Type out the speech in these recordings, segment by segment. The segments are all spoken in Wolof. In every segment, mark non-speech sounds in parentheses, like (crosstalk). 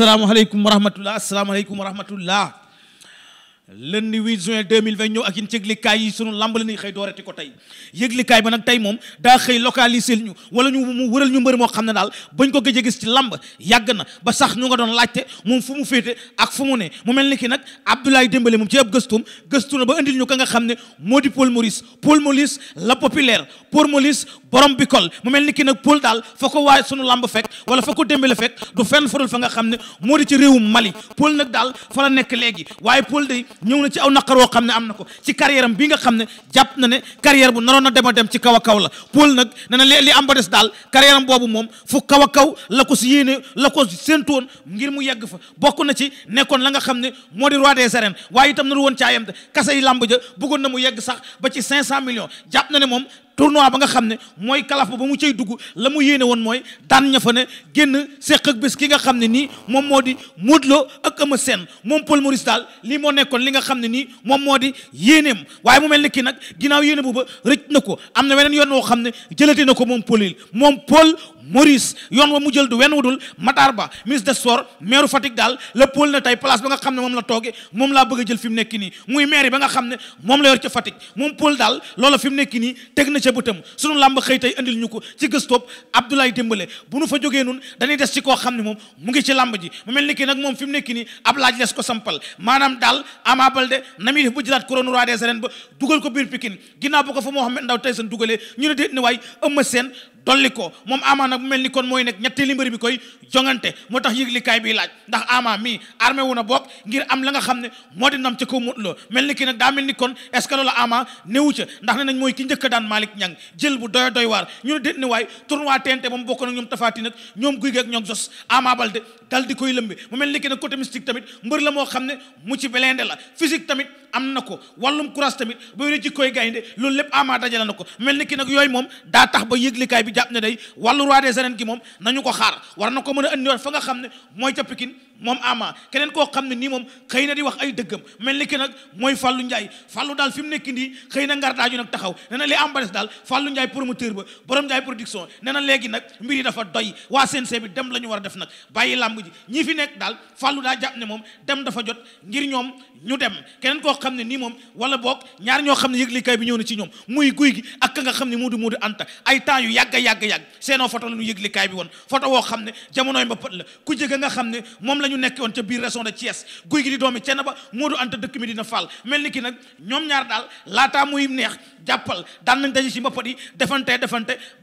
asalaamaaleykum wa rahmatulah asalaamaaleykum wa rahmatulah join 8 juin 2020 ñëw ak yéen ci yëglikaay yi sunu lamb la ñuy xëy dooreti ko tey yëglikaay ba nag tey moom daa xëy localiser ñu wala ñu mu wëral ñu mbër moo xam ne daal bañ ko gëj gis ci lamb yàgg na ba sax ñu nga doon laajte moom fu mu féete ak fu mu ne mu mel ni kii nag Abdoulaye Dembélé moom ci ab gëstum gëstu na ba indil ñu ka nga xam ne moo di Paul Maurice Paul Maurice la populaire Paul Maurice borom bi kol mu mel ni kii nag Paul daal fa ko waaye sunu lamb fekk wala fa ko Dembélé fekk du fenn furul fa nga xam ne moo di ci réewum Mali Paul nag daal fa la nekk léegi waaye Paul day ñëw na ci aw naqar woo xam ne am na ko ci carrière am bi nga xam ne jàpp na ne carrière bu naroon a dem a dem ci kaw a kaw la Paul nag ne na li am des daal carrière am boobu moom fu kaw a kaw la ko si yéene la ko séentoon ngir mu yegg fa bokk na ci nekkoon la nga xam ne moo di roi des arènes waaye itam naru woon caayam te kase yi lamb ja bëggoon mu yegg sax ba ci cinq cent millions jàpp na ne moom tournoi ba nga xam ne mooy kalaf ba ba mu cay dugg la mu yéene woon mooy daan ña fa ne génn seq ak bés ki nga xam ne nii moom moo di Modou Lo ak Eumeu seen moom pol Maurice Tall lii moo nekkoon li nga xam ne nii moom moo di yéeneem waaye mu mel ni kii nag ginnaaw yéene booba rëcc na ko am na weneen yoon woo xam ne jëlati na ko moom Paul moom Paul Maurice yoon wa mu jël du wenn wudul Matar Ba ministre des sports maire Fatick daal la pôle na tey place ba nga xam ne moom la tooge moom la bëgg a jël fi mu nekk nii muy maire ba nga xam ne moom la yor ca Fatick moom pôle daal loola fi mu nekk nii teg na ca su sunu làmb xëy tey andil ñu ko ci gëstoob Abdoulaye Dembélé bu nu fa jógee nun dañuy des ci koo xam ne moom mu ngi ci làmb ji mu mel ni ki nag moom fi mu nekk nii ab laaj les ko sampal maanaam daal Ama Baldé na muy def ba jëlaat couronne ko biir Pikine ginnaaw ba ko fa Mohamed Ndaw Tyson dugalee ñu ne déet dolli ko moom ama nag mu mel ni kon mooy nekk ñetteelu mbër bi koy jongante moo tax yëglikaay bi laaj ndax ama mii armé wu na bokk ngir am la nga xam ne moo di nam ca ko Modou Lo mel ni kii nag daa mel ni kon est ce que loolu ama newu ca ndax ne nañ mooy ki njëkk daan Malick Niang jël bu doy doy waar ñu ne déet ne waay tournoi TNT ba mu bokk nag ñoom tafaati nag ñoom guy geeg ñoom jos ama balde dal di koy lëmbe mu mel ni ki ne côté mystique tamit mbër la moo xam ne mu ci belende la physique tamit am na ko wàllum kuras tamit ba ne ci koy gaynde loolu lépp ama dajale na ko mel ni ki nag yooyu moom daa tax ba yëglikaay bi jàpp ne day wàllu roi des arènes gi moom nañu ko xaar war na ko mën a andiwaat fa nga xam ne mooy ca moom ama keneen koo xam ne nii moom xëy na di wax ay dëggam mel ni ki nag mooy Fallou njaay Fallou daal fi mu nekk nii xëy na ngar daaju nag taxaw nee na li am ba des daal Fallou Ndiaye promoteur ba borom Ndiaye production nee na léegi nag mbir yi dafa doy waa dem la ñu war a def nag bàyyi làmb ji ñi fi nekk daal Fallou daa jàpp ne moom dem dafa jot ngir ñoom ñu dem keneen koo xam ne nii moom wala boog ñaar ñoo xam ne yëglikaay bi ñëw na ci ñoom muy guy gi ak ka nga xam ne Modou Modou Anta ay temps yu yàgg yàgg yàgg seenoo foto la ñu yëglikaay bi woon photo woo xam ne jamonoy mba pët la ku jege nga xam ne moom la ñu nekkoon ca biir région de Thiès guy gi di doomi cenn ba Modou Anta dëkk mi dina faal mel ni ki nag ñoom ñaar daal laataa muy neex jàppal daan nañ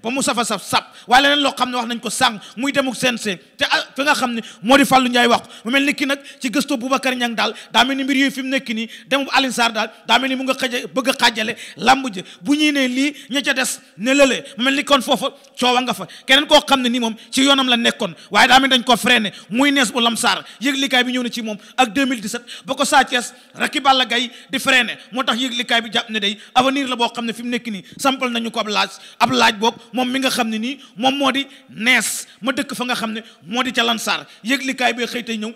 ba mu safa saf sap waaye loo xam ne wax nañ ko sànq muy demuk CNG te ah, nga xam ne moo di Fallou Ndiaye wax mu mel ni ki nag ci gëstu Boubacar Niang daal daa mel ni mbir fi mu nekk nii demu Alioune Sarr daal mel ni mu nga xëj bëgg a xaajale lamb bu ñuy ne lii ña ca des ne lëlee mel ni kon foofa coowa nga fa keneen koo xam ne nii moom ci yoonam la nekkoon waaye daa mel dañ ko freiné muy nees bu lamsaar Dakar yëglikaay bi ñëw na ci moom ak 2017 ba ko Sa Thiès Balla Gaye di freiné moo tax yëglikaay bi jàpp ne day avenir la boo xam ne fi mu nii sampal nañu ko ab laaj ab laaj boog moom mi nga xam ne nii moom di nees ma dëkk fa nga xam ne moo di ca Lansar yëglikaay bi xëy tey ñëw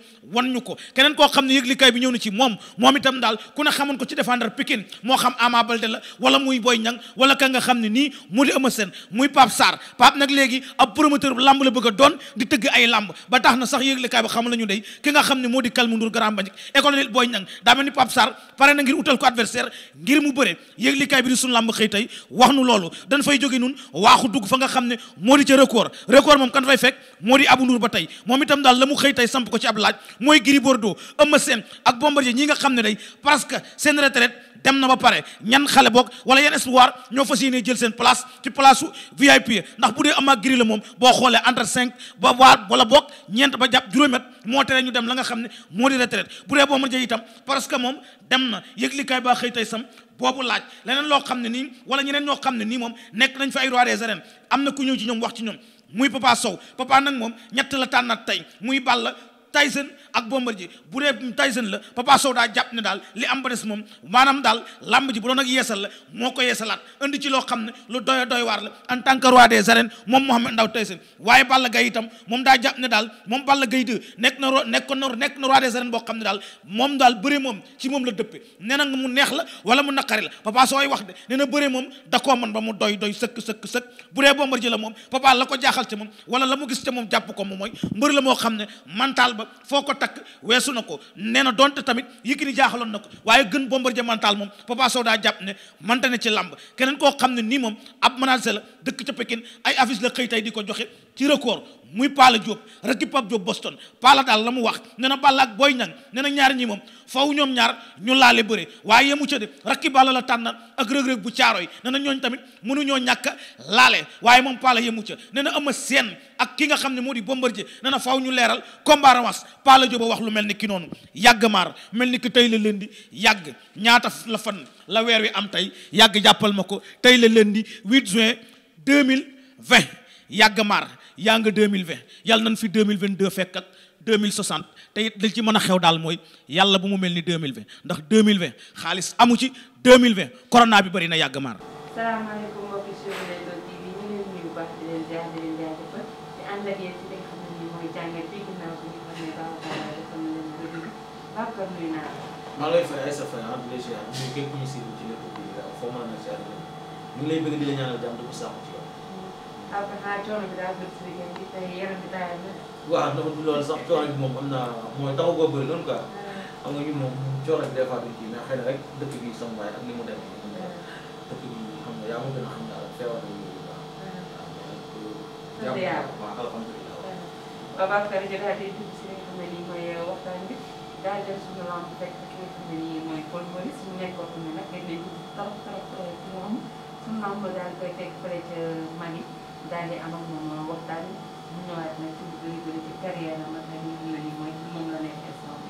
bi na ci moom moom itam daal ku ne xamoon ko ci défendre Pikine moo xam Ama Baldé la wala muy Boy Niang wala ka nga xam ne nii moo di Eumeu Sène muy Pape Sarr Pape nag léegi ab promoteur bu la bëgg doon di tëgg ay lamb ba tax na sax yëglikaay bi xamal nañu day ki nga xam ne moo di Kalmu Ndour grand bandik école Boy Niang daa mel ni Pape pare na ngir utal ko adversaire ngir mu bëre yéeg likaay bi di suñu làmb xëy wax nu loolu dañ fay jóge nun waaxu dugg fa nga xam ne moo di ca record record moom kan fay fekk moo di Abou Ndour ba tey moom itam daal la mu xëy samp ko ci ab laaj mooy Gris Bordeaux Eumeu Sène ak Bombardier ñi nga xam ne day parce que seen retraite dem na ba pare ñan xale boog wala yan moo tere ñu dem la nga xam ne moo di retraite bu dee boo mën jël itam parce que moom dem na yëglikaay baa xëy tey sam boobu laaj leneen loo xam ne nii wala ñeneen ñoo xam ne nii moom nekk nañ fi ay roi des am na ku ñëw ci ñoom wax ci ñoom muy Papa Sow Papa nag moom ñett la tànnaat tey muy Balla Tyson ak Bombardier bu dee Tyson la Papa Sow daa jàpp ne daal li am ba des moom maanaam daal làmb ji bu doon ak yeesal la moo ko yeesalaat indi ci loo xam ne lu doy doy waar la en tant que roi des arènes moom Mohamed Ndao Tyson waaye Balla Gaye itam moom daa jàpp ne daal moom Balla gay de nekk na ro nekk nekk na roi des arènes boo xam ne daal moom daal bëre moom ci moom la dëppe nee na mu neex la wala mu naqari la Papa Sow ay wax de nee na moom da koo mën ba mu doy doy sëkk sëkk sëkk bu dee Bombardier la moom Papa la ko jaaxal ci moom wala la mu gis ci jàpp ko moom mooy la moo xam ne mental ba foo ko takk weesu na ko nee na donte tamit Yékini jaaxaloon na ko waaye gën Bombardier mental moom Papa daa jàpp ne mante ne ci làmb keneen koo xam ne nii moom ab menacé la dëkk ca Pekin ay affiche la xëy di ko joxe ci record muy Paala Diop reki Pape Diop Boston Paala daal la mu wax ne na Balla ak Boy Niang ne ñaar ñi moom faw ñoom ñaar ñu laale bëre waaye yemu ca de rakki Balla la tànn ak rëg-rëg bu caarooy yi na ñooñ tamit mënuñoo ñàkk laale waaye moom Paala yemu ca ne na seen ak ki nga xam ne moo di Bombardier ne na faw ñu leeral combat revanche Paala Diop wax lu mel ni ki noonu yàgg maar mel ni ki tey la leen di yàgg ñaata la fan la weer wi am tey yàgg jàppal ma ko tey la leen di 8 juin 2020 yàgg maar yaa nga 2020 yàlla nañ fi 2022 fekk ak 2060 te it li ci mën a xew daal mooy yàlla bu mu mel ni 2020 ndax 2020 xaalis amu ci 2020 corona bi bëri na yàgg maar. waaw dafa du loolu sax coono bi moom am na mooy taxu koo bëri noonu quoi moom coono bi des fois duñ ci mais xëy na rek dëkk bi sama waay ak ni mu demee dëkk bi xam nga yaa ma gën a xam daal feebar bi waaw waaw alhamdulilah waaw Babacar di dugg si li nga xam ne nii mooy waxtaan bi daal dem suñu lamb fekk ki nga xam ne nii mooy Paul Maurice suñu nekkoon xam ne nag dañ leen trop trop trop lamb suñu lamb daal koy fekk fële daal di am ak moom waxtaan mu ñëwaat nag ci lu bëri bëri ci carrière am ak li ñu nekk instant bi.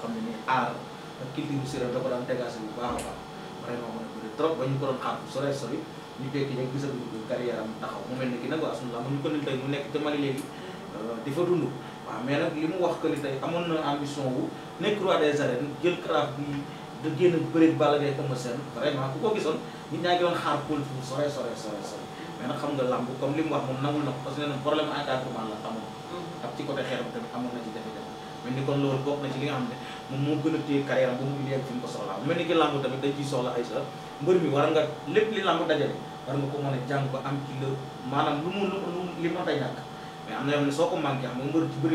xam ne nii aar ak si a a bu sore sori ñu tekki rek gisatuñu ko carrière am taxaw mu mel ni ki nag waa suñu lamb ñu ko leen mu nekk te Mali léegi euh, di fa dund waaw mais nag li mu wax que ni amoon na ambition wu nekk roi des arènes craft bi da génn bëreeg Balla Gaye Eumeu Sène vraiment ku ko gisoon nit ñaa xaar pool fu sore sore sore mais nag xam nga làmb comme li mu wax moom nangul na ko parce que nee na problème encadrement mm. ni kon loolu bokk na ci nga xam ne moom moo gën a téye carrière ba mu indee fi mu ko mi war nga lépp li làmb dajale war ko mën a jàng ba am ci la maanaam lu mu lu li mën a ñàkk mais soo ko manqué xam nga mbër ci bu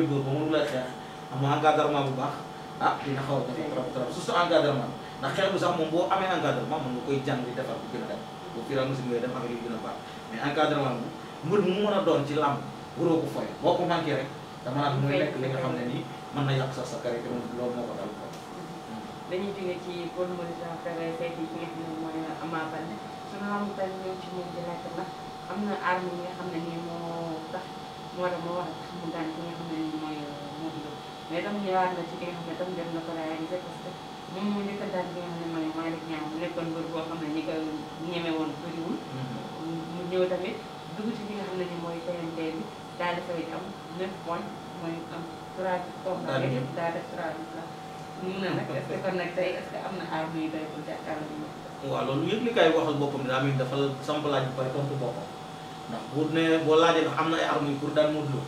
baax ah dina xaw a jafe trop trop surtout encadrement ndax xeex bi sax moom boo amee encadrement mën nga koy jàng di defar bu gën a dem bu fur et à mesure ngay def affaire yi gën a baax mais encadrement bi mbir mu mën a doon ci làmb waroo ko foyee boo ko manqué rek dama naan muy lekk li nga xam ne nii mën na yàq sax sa carrière loolu moo ko dal ko hmm. dañuy jóge ci Paul Maurice Sarr seeti ki nga xam ne mooy Ama Baldé suñu xamante ne ñëw ci moom di laajte ndax am na arme yi nga xam ne nii moo tax moo tax moo war a tax mu daan ki nga xam ne nii mooy Modou Lô mais itam ñëwaat na ci ki nga xam ne itam jot na ko réalisé parce que moom moo njëkk a daal bi nga xam ne mooy Malick Niang mu nekkoon mbër boo xam ne ñi ko ñeme woon bëriwul mu ñëw tamit dugg ci li nga xam ne ni mooy TNT bi daal di fay am 9 points mooy am 3 combats daal def 3 victoires mun na nag est-ce que kon nag tey est-ce que am na arme yu doy pour jàkkaarloo ñu waaw loolu yëg li kay waxal boppam daa mel dafa samp laaj bu pare tontu boppam ndax bu ne boo laajee ndax am na ay arme yu pour daan Modou Lo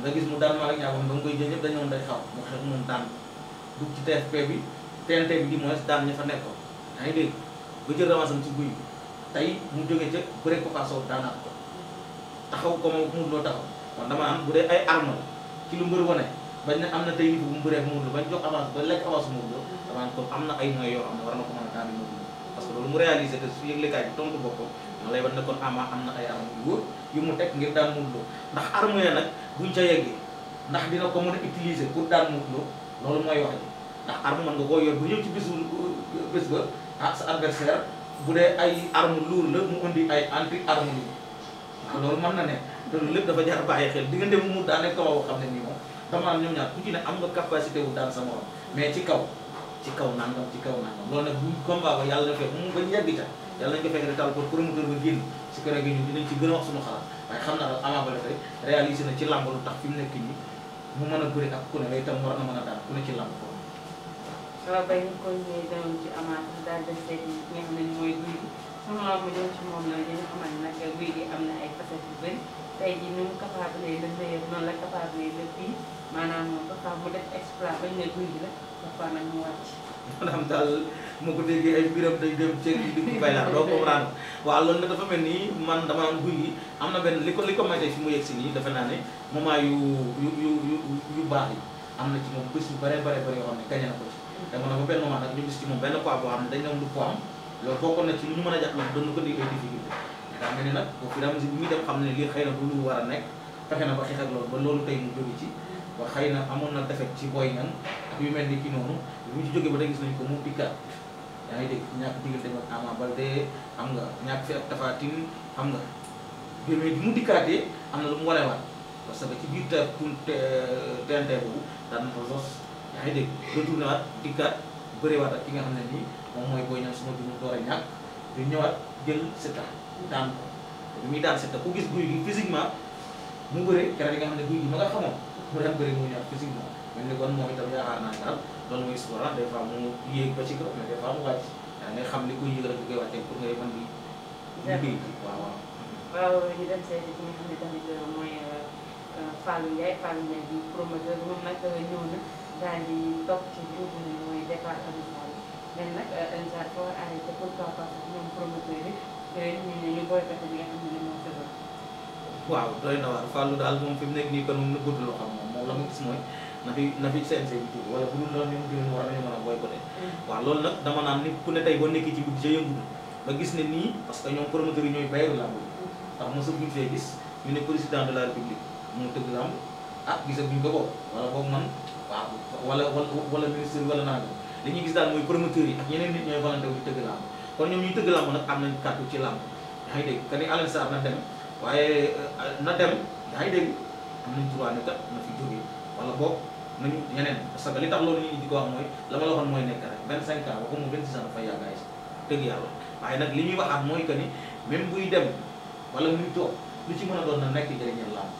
nga gis mu daan Malick Niang ba mu koy jël yëpp dañu doon day xaw mu xeex moom daan dugg ci TFP bi TNT bi di moins daan ña fa nekkoon yaa ngi dégg ba jël revanche ci guy tey mu jógee ca bëre ko Papa Sow daanaat ko taxaw ko moom Modou Lo taxaw man dama am bu dee ay arme la ci lu mbër wane bañ ne am na tey bu mu bëree ak Modou Lo bañ jox avance ba lekk avance Modou Lo dama am am na ay moyens yoo xam ne war na ko mën a daan Modou Lo mu réalisé que su yëgle ma lay wan kon Ama am na ay arme yu yu mu teg ngir daan Modou Lo ndax arme ya nag buñ ca yeggee ndax dina ko mën a utiliser pour daan Modou Lo loolu mooy wax ji ndax arme mën nga koo yor bu ñëw ci bisu bés ba ah sa adversaire bu dee ay arme luur la mu indi ay anti arme yi waaw loolu mën na ne loolu lépp dafa jar bàyyi xel diggante mu mu daane kaw boo xam ne nii moom dama naan ñoom ñaar ku ci ne am nga capacité wu daan sa morom mais ci kaw ci kaw nangam ci kaw nangam loolu nag bu combat ba yàlla na fekk mu bañ yegg ca yàlla nañ fekk retal ba génn su ko rek dinañ ci gën a wax suñu xalaat waaye xam naa daal na ci làmb lu tax fi mu nekk nii mu mën a bëri ak a ci làmb ko waaw bay ñu continuer doon mooy guy gi sama ma jëm ci moom la li nga xamante nag guy gi am na ay facettes yu bëri tey jii ni mu capable le meilleur noonu la capable le pire maanaam moom dafa mu def exploit bañ ne guy gi la dafa nag mu wàcc. maanaam daal moo ko déggee ay biram day dem ceeb bi di bay laa doo comprendre waaw loolu nag dafa mel ni man dama naan guy gi am na benn li ko li ko may fi mu yegg si nii dafa naa ne moment yu yu yu yu baax yi am na ci moom bés yu bare bare bare yoo xam ne gañe na ko ci. dama ne ba benn moment nag ñu gis ci moom benn poids boo xam ne dañ ne woon du poids am loolu bokkoon na ci lu ñu mën a jàpp loolu doon na ko di ay difficulté daa mel ni nag boobu daa mel bi muy dem xam ne lii xëy bu du lu war a nekk fexe na ba xeex ak loolu ba loolu tey mu jóge ci ba xëy na amoon na defet ci Boy Niang ak yu mel ni ki noonu bi mu ci jógee ba tey gis nañu mu dikkaat yaa ngi dégg ñàkk diggante ak Ama Baldé xam nga ñàkk fi ak Tapha Tine xam nga bi mu dikkaatee am na lu mu wanewaat parce que ci biir ta pour TNT boobu daan na fa sos yaa ngi dégg retourné waat dikkaat bëriwaat ak ki nga xam ne nii moom mooy Boy Niang suma bi mu door a ñàkk di ñëwaat jël Siteu daan ko te muy daan Siteu ku gis guy gi physiquement mu bëre keroog yi nga xam ne guy gi ma xamoon mu daan bëre mu ñor physiquement mel ni kon moom itam yaakaar naa daal loolu mooy sport des mu yéeg ba ci kaw mais des mu wàcc da ngay xam li koy yëgal ak li koy wàccee pour ngay mën di liggéey waaw waaw waaw ñu dem seeti ki nga xam ne tamit mooy euh, Fallou Ndiaye Fallou Ndiaye di promoteur moom nag ñëw na daal di toog ci li nga xam ne mooy département bi mais nag euh, waaw doy na waar Fallou daal moom fi mu nekk nii kon moom na gudd loo xam moom moom la ma gis mooy na fi na fi seen seen tur wala bu dul loolu ñoom diwén war nañu mën a boycotté mm. waaw loolu nag dama naan ni ku ne tey boo nekkee ci budget yëngu ba gis ne nii parce que ñoom promoteurs yi ñooy bayeru làmb ndax mosaguñ fee gis ñu ne président de la république mu tëgg làmb ah gisaguñ ko boobu wala boobu man waaw wala wala ministre bi wala naaga li ñuy gis daal mooy promoteurs yi ak ñeneen nit ñooy volonté wu tëgg làmb kon ñoom ñuy tëgg làmb nag am nañ kàddu ci làmb yaa ngi dégg te ni Alioune Sarr na dem waaye euh, na dem yaa ngi dégg am nañ droit ne kat na fi jógee wala boog nañu ñeneen parce que li tax loolu nit ñi di ko wax mooy la ma la mooy nekk rek vingt cinq ans waxuma vingt six ans dafay yàgg ay dëgg yàlla waaye nag li wax waxaat mooy que ni même buy dem wala muy toog lu ci mën a doon na nekk jëriñal làmb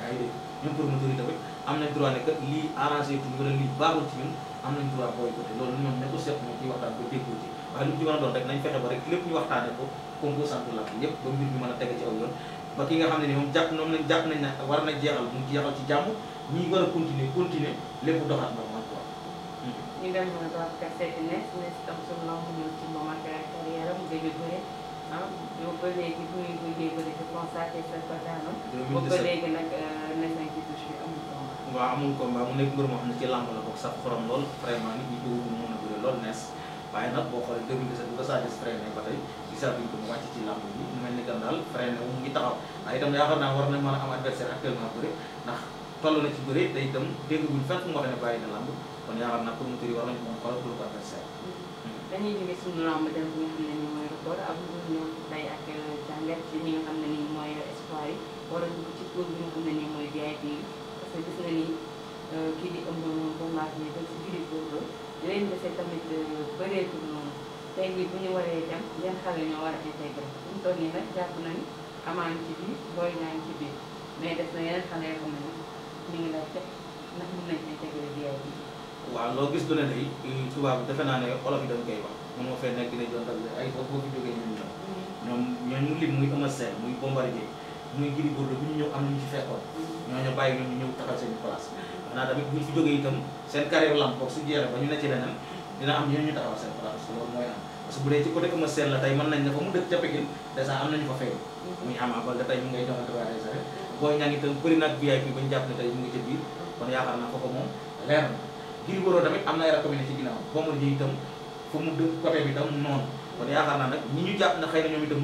yaa ngi dégg ñun promoteurs yi tamit am nañ droit ne kat lii arrangé tuñ baaxul ci am nañ droit boycotté loolu ñoom ne ko seet moo ciy waxtaan ko déggoo ci waaye lu mu ci mën a doon rek nañ fexe ba rek lépp ñu waxtaane ko composante la yëpp ba mbir mi mën a tege ci aw yoon ba ki nga xam ne ni moom jàpp noonu lañ jàpp nañ ne war na jeexal mu jeexal ci jàmm ñi war a continuer continuer lépp doxaat normal quoi ñu dem Babacar Seck Ness Ness tam suñu lamb ñëw ci moment carrière am gëj a bëre ah boobu ba léegi bu ñuy gëjee bëri di constaté sa pataano boobu ba léegi nag euh, Ness nañ ci touche bi amul combat waaw amul combat mu nekk mbir moo xam ne ci lamb la bokk sax xorom lool vraiment nit ñi ko mën a bëre lool Ness waaye nag boo xoolee 2017 bu ni mu ngi taxaw waaye itam yaakaar naa war nañ mën a am adversaire actuellement bëri ndax day itam dégguñ fenn fu mu waxee ne na làmb kon yaakaar naa promoteurs yi war nañu a xool pour ko adversaire mm-hmm. dañuy jógee suñu làmb dem bi nga xam ne ni mooy record ak lu ne ni mooy espoir yi wala dugg ci ne ni si biir góor leen dese a euh, bëreetul noonu tey jii bu ñu waree dem yan xale ñoo war a intégré bu ñu toll nii nag jàpp nañu amaan ci biir booy ñaan ci biir mais def na yeneen xale yoo xam ne ñu ngi lay teg ndax mën nañu intégré biyaay bi. waaw loo gis du ne day euh, tubaab defe naa ne olof yi dañ koy wax moom moo fay nekk dinañ doon ay boo fi jógee ñun mm-hmm. ñoom ñooñu lim muy Eumeu Sène muy Bombardier muy Gris Bordeaux bu ñu ñëw am nañu ci fekkoon ñooñu bàyyi ñu ñëw taxal seen place xanaa tamit bu ñu fi jógee itam seen carrière lamb boog su ba ñu ne ci leneen dina am ñeneen ñu fa mu dëkk ca Pikine dèjà am nañu fa fay muy Ama Baldé tey mu ngay joxante waa des arrêt booy ñaa mu na Gris Bordeaux tamit am na ay rakam ne ci ginnaaw boomul na ñoom itam ñu ngi di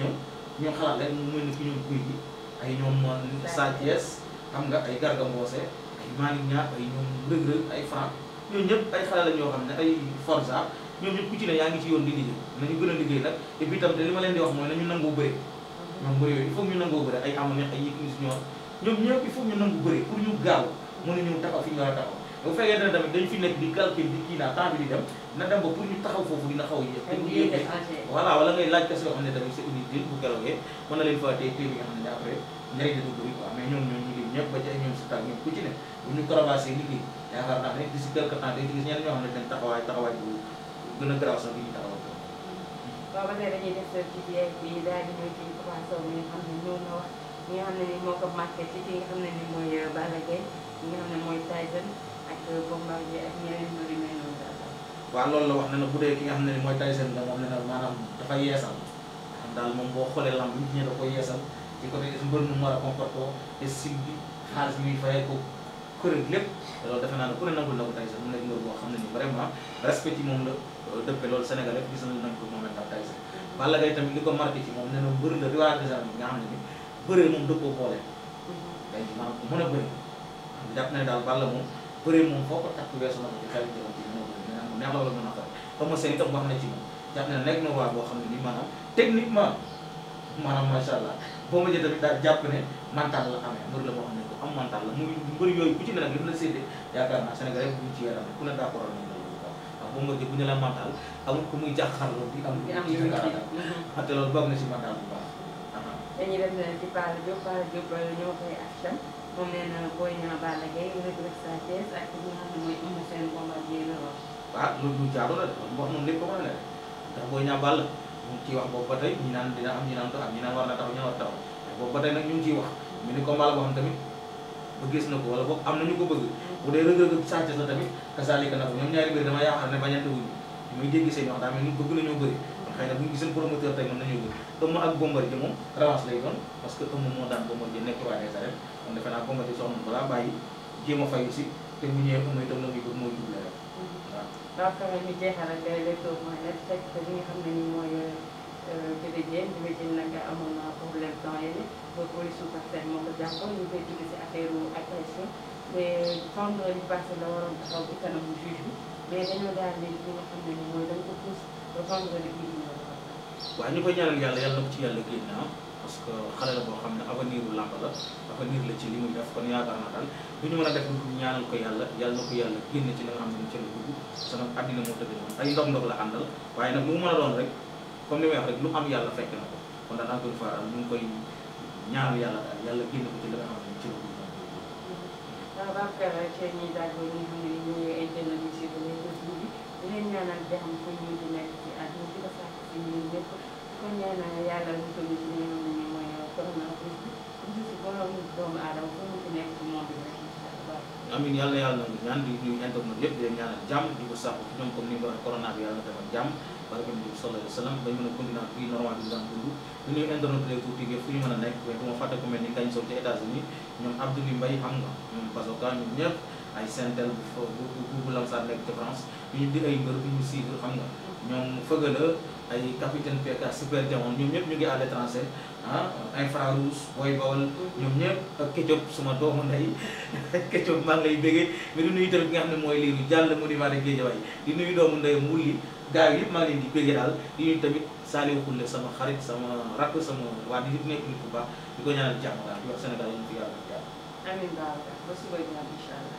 ñëw ñu xalaat rek moom mel ni ku ñoom guy gi ay ñoom Sa Thiès xam nga ay Garga Mbossé ay Malick Niang ay ñoom Reug Reug ay Franc ñooñu ñëpp ay xale la ñoo xam ne ay Forza ñoom ñëpp ku ci ne yaa ngi ci yoon di liggéey nañu gën a liggéey la et puis tam te li ma leen di wax mooy nañu nangoo bëri ñoom bëri yooyu il faut ñu nangoo bëri ay ama neex ay Yékini ñoom ñëpp il faut ñu nangu bëri pour ñu gaaw mën a ñëw taxaw fi ñu war a taxaw bu fekkee ne tamit dañ fi nekk di calcul di kii naa temps di dem na dem ba pour ñu taxaw foofu dina xaw a yéex te ñu yéex voilà wala ngay laaj kese yoo xam ne tamit c'est inutile bu kerogee mën na leen fa tey tey bi nga après njëriñ dina bëri quoi si tag ñoom ku ci ne naa ne d'ici quelque temps day gis ñeneen ñoo xam ne dañ taxawaay taxawaay bu gën a garaaw sax bi ñu taxaw waaw ba tey dañuy def ci jeex bi daal di ñëw ci commencé wu nga xam ne ñoo na wax mooy euh, Balla Bombardier ak ñeneen mbir loolu la wax ne na bu dee ki nga xam ne ni mooy Tyson da moom ne na maanaam dafa yeesal xam moom boo xoolee la nit ñi da ko yeesal ci côté mbër nu mu war a comporté ko style bi xaalis bi muy fayee ko kuréel lépp loolu defe naa ne ku na ko Tyson mu nekk mbër boo xam ne ni vraiment respect yi moom la euh, dëppe loolu Sénégal yëpp gis nañ nañ ko moom la Tyson mm-hmm. Balla tamit li ko marqué ci moom ne na mbër la riwaa des armes nga xam ne ni bëree moom dëppoo boole day mm-hmm. maanaam ku mën a na ne daal Balla moom bëree moom foo ko takk weesu la ko ci xel ñëw ci moo bëri dina mu neex la wala na boo xam ne ni maanaam techniquement maanaam macha ma jël tamit daal jàpp ne mental la xam ne ku yooyu ku ci ne nag li mu la yaakaar naa Sénégal yëpp buñ ci yaram ne bu ñu la mental amul ku muy jàkkaarloo bi amul ku muy jàkkaarloo te loolu bokk na si mental bu baax moom nee na Boy Niang Balla Gaye Reug Reug ah, ciy wax boobu ba tey naan dina am na taxaw ñi naan war taxaw ba tey nag ñu ngi ciy wax mu ni combat la boo xam tamit ba gis na ko wala boog am na ñu ko bëgg bu dee Reug Reug Sa Thiès la tamit kasaalika na ko ñaari bëri dama yaakaar ne ba wuñu ñu muy dégg seen wax daa mel bëgg nañoo bëri xëy na bu promoteur tey mën nañu yóbbu Eumeu ak Bombardier moom revanche lay doon parce que Eumeu moo daan Bombardier nekk roi des arènes kon defe a jeexal ak léeg nga xam ne euh, nii mooy Bébé ko jàppoon si waaye ñu koy ñaanal yàlla yàlla na ko ci yàlla génn ah parce que xale la boo xam ne avenir u làmb la niir la ci li muy def kon yaakaar naa daal lu ñu mën a def ñaanal ko yàlla yàlla na ko yàlla génn ci li nga xam ne ci la dugg sa nag àddina moo tëdd noonu ay ndox ndox la àndal waaye nag mu mën a doon rek comme ni may wax rek lu am yàlla fekk na ko kon daal encore une fois daal koy ñaanal yàlla daal yàlla génn ko ci li xam ne ci la dugg di leen ñaanal di xam ko ñii di nekk ci àdduna bi la sax ci ñun ñëpp di ko ñaanal ko ci li nga xam di nekk ci moom bi amin yàlla yàlla ñu ñaan di ñuy internet yëpp di leen ñaanal jàmm di ko sàkku ci ñoom comme ni nga waxee corona yàlla defal jàmm barke bi sallallahu alayhi wa sallam bañ mën a continuer ak fii normal bi daan dund ñu nuy internet Leewtoo ñu mën a nekk mais du ma fàtte ku nga bu bu bu Lamsar nekk ci France ñu di ay mbër bu ñu xam nga ñoom fëgala ay capitaine PK super jamono ñoom ñëpp ñu ngi à l'étranger ah infra rouge booy bawal ñoom ñëpp ak Ketchup suma doomu ndey (laughs) Ketchup maa ngi lay bégee mais di nuyu xam ne mooy jàll mu di maa de gars yi yëpp maa ngi leen di bëggee daal di nuyu tamit Saliou Khoule sama xarit sama rakk sama waa di nekk nit bu baax di ko ñaanal jàmm daal di wax Sénégal yi ñu fi yàlla jàmm. amiin ba suba ñaan incha allah